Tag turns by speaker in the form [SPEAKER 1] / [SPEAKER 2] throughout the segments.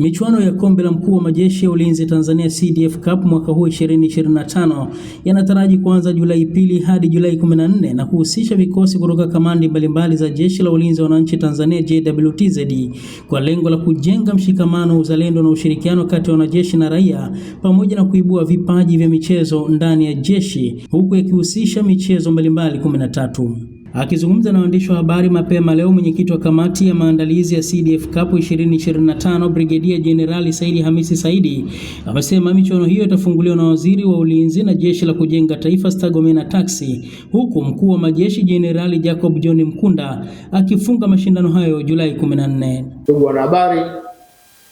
[SPEAKER 1] Michuano ya Kombe la Mkuu wa Majeshi ya Ulinzi Tanzania CDF Cup mwaka huu 2025 yanataraji kuanza Julai pili hadi Julai 14 na kuhusisha vikosi kutoka kamandi mbalimbali za Jeshi la Ulinzi wa Wananchi Tanzania JWTZ kwa lengo la kujenga mshikamano, uzalendo na ushirikiano kati ya wanajeshi na raia pamoja na kuibua vipaji vya michezo ndani ya jeshi huku yakihusisha michezo mbalimbali 13. Akizungumza na waandishi wa habari mapema leo, mwenyekiti wa kamati ya maandalizi ya CDF Cup 2025 Brigedia Jenerali Saidi Hamisi Saidi amesema michuano hiyo itafunguliwa na waziri wa ulinzi na jeshi la kujenga taifa Stergomena Tax, huku mkuu wa majeshi Jenerali Jacob John Mkunda akifunga mashindano hayo Julai 14.
[SPEAKER 2] Ndugu wanahabari,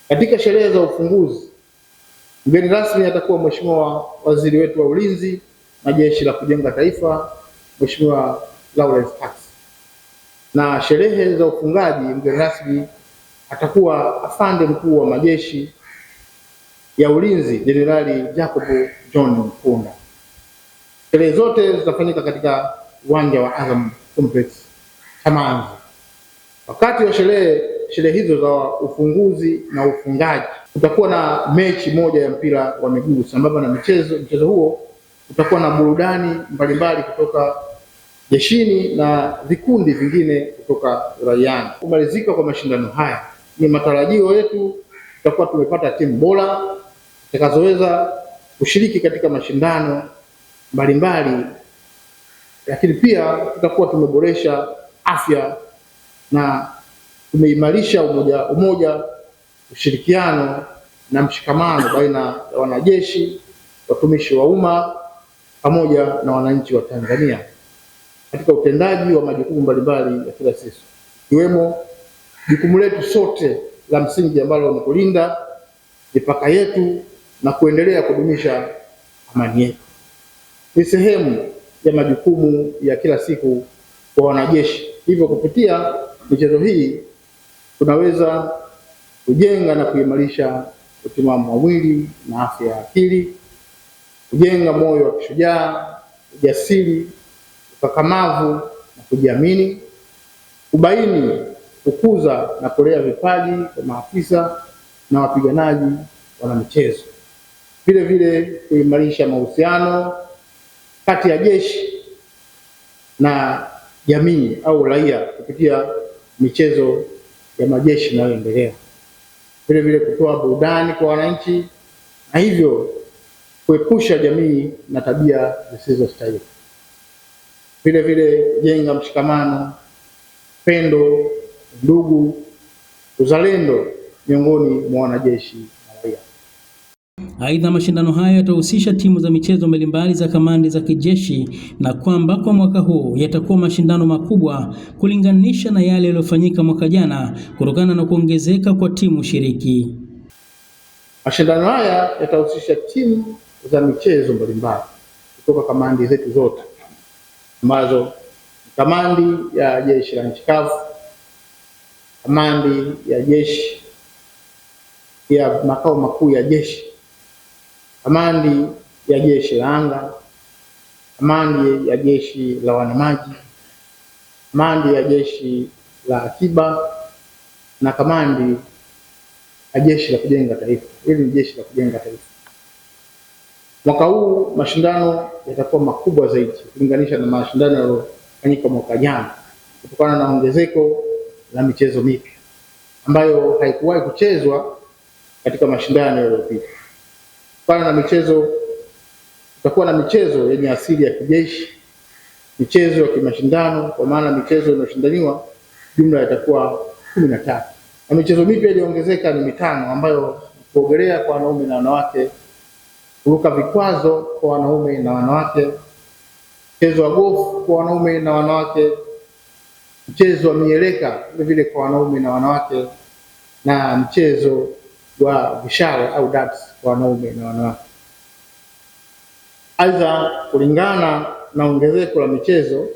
[SPEAKER 2] katika sherehe za ufunguzi, mgeni rasmi atakuwa Mheshimiwa Waziri wetu wa ulinzi na jeshi la kujenga taifa Mheshimiwa Lawrence Tax. Na sherehe za ufungaji, mgeni rasmi atakuwa afande mkuu wa majeshi ya ulinzi Jenerali Jacob John Mkunda. Sherehe zote zitafanyika katika uwanja wa Azam Complex Chamazi. Wakati wa sherehe sherehe hizo za ufunguzi na ufungaji, kutakuwa na mechi moja ya mpira wa miguu sambamba na michezo. Mchezo huo utakuwa na burudani mbalimbali kutoka jeshini na vikundi vingine kutoka uraiani. Kumalizika kwa mashindano haya ni matarajio yetu, tutakuwa tumepata timu bora zitakazoweza kushiriki katika mashindano mbalimbali, lakini pia tutakuwa tumeboresha afya na tumeimarisha umoja, umoja ushirikiano na mshikamano baina ya wanajeshi, watumishi wa umma pamoja na wananchi wa Tanzania katika utendaji wa majukumu mbalimbali ya kila siku ikiwemo jukumu letu sote la msingi ambalo ni kulinda mipaka yetu na kuendelea kudumisha amani yetu. Ni sehemu ya majukumu ya kila siku kwa wanajeshi. Hivyo, kupitia michezo hii tunaweza kujenga na kuimarisha utimamu wa mwili na afya ya akili, kujenga moyo wa kishujaa, ujasiri ukakamavu na kujiamini, kubaini, kukuza na kulea vipaji kwa maafisa na wapiganaji michezo vile vile kuimarisha mahusiano kati ya jeshi na jamii au raia kupitia michezo ya majeshi inayoendelea, vile vile kutoa burudani kwa wananchi na hivyo kuepusha jamii na tabia zisizostahili vile vile jenga mshikamano, pendo, ndugu, uzalendo miongoni mwa wanajeshi
[SPEAKER 1] Aidha, mashindano hayo yatahusisha timu za michezo mbalimbali za kamandi za kijeshi na kwamba kwa mwaka huu yatakuwa mashindano makubwa kulinganisha na yale yaliyofanyika mwaka jana kutokana na kuongezeka kwa timu shiriki.
[SPEAKER 2] Mashindano haya yatahusisha timu za michezo mbalimbali kutoka kamandi zetu zote ambazo kamandi ya jeshi la nchi kavu, kamandi ya jeshi ya makao makuu ya jeshi, kamandi ya jeshi la anga, kamandi ya jeshi la wanamaji, kamandi ya jeshi la akiba na kamandi ya jeshi la kujenga taifa. Hili ni jeshi la kujenga taifa. Mwaka huu mashindano yatakuwa makubwa zaidi kulinganisha na mashindano yaliyofanyika mwaka jana kutokana na ongezeko la michezo mipya ambayo haikuwahi kuchezwa katika mashindano yaliyopita. Kutokana na michezo, kutakuwa na michezo yenye asili ya kijeshi, michezo ya kimashindano, kwa maana michezo inayoshindaniwa jumla yatakuwa kumi na tatu na michezo mipya iliyoongezeka ni mitano ambayo kuogelea kwa wanaume na wanawake kuruka vikwazo kwa wanaume na wanawake, mchezo wa gofu kwa wanaume na wanawake, mchezo wa mieleka vilevile kwa wanaume na wanawake, na mchezo wa vishale au darts kwa wanaume na wanawake. Aidha, kulingana na ongezeko la michezo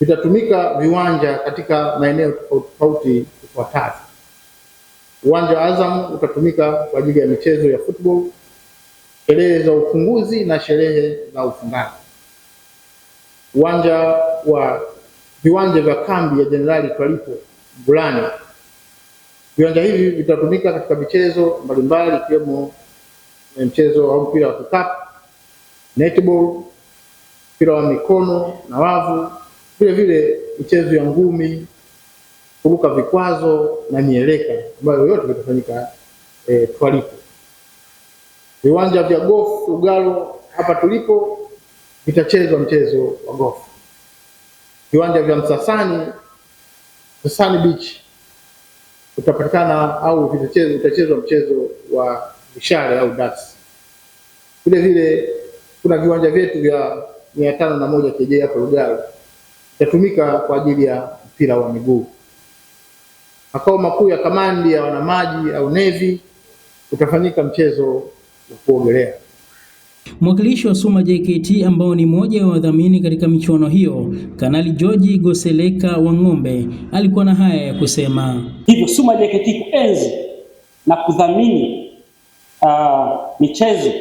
[SPEAKER 2] vitatumika viwanja katika maeneo tofauti tofauti uwanja wa Azam utatumika kwa ajili ya michezo ya football sherehe za ufunguzi na sherehe za ufungaji. Uwanja wa viwanja vya kambi ya Jenerali Twalipo Mbulani. Viwanja hivi vitatumika katika michezo mbalimbali ikiwemo e, mchezo wa mpira wa kikapu, netball, mpira wa mikono na wavu, vile vile michezo ya ngumi, kuruka vikwazo na mieleka ambayo yote vitafanyika eh, Twalipo viwanja vya golf Ugalo hapa tulipo vitachezwa mchezo wa golf. Viwanja vya Msasani, Msasani Beach utapatikana au vitachezwa utachezwa mchezo wa mishale au darts. Vile vile kuna viwanja vyetu vya mia tano na moja KJ hapo Lugalo itatumika kwa ajili ya mpira wa miguu. Makao makuu ya kamandi ya wanamaji au nevi utafanyika mchezo na kuogelea.
[SPEAKER 1] Mwakilishi wa SUMA JKT ambao ni mmoja wa wadhamini katika michuano hiyo, Kanali George Goseleka wa Ng'ombe alikuwa na haya ya kusema.
[SPEAKER 2] Hivyo SUMA JKT kuenzi na kudhamini uh, michezo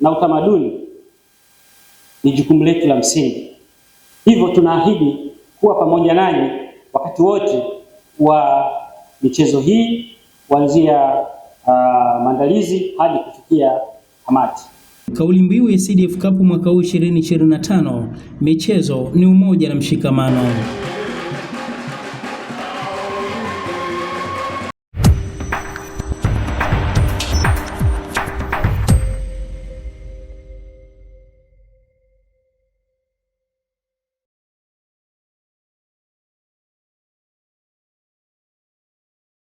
[SPEAKER 2] na utamaduni ni jukumu letu la msingi, hivyo tunaahidi kuwa pamoja nanyi wakati wote wa michezo hii kuanzia Uh, maandalizi hadi kufikia hamati.
[SPEAKER 1] Kauli mbiu ya CDF Cup mwaka huu 2025 michezo ni umoja na mshikamano.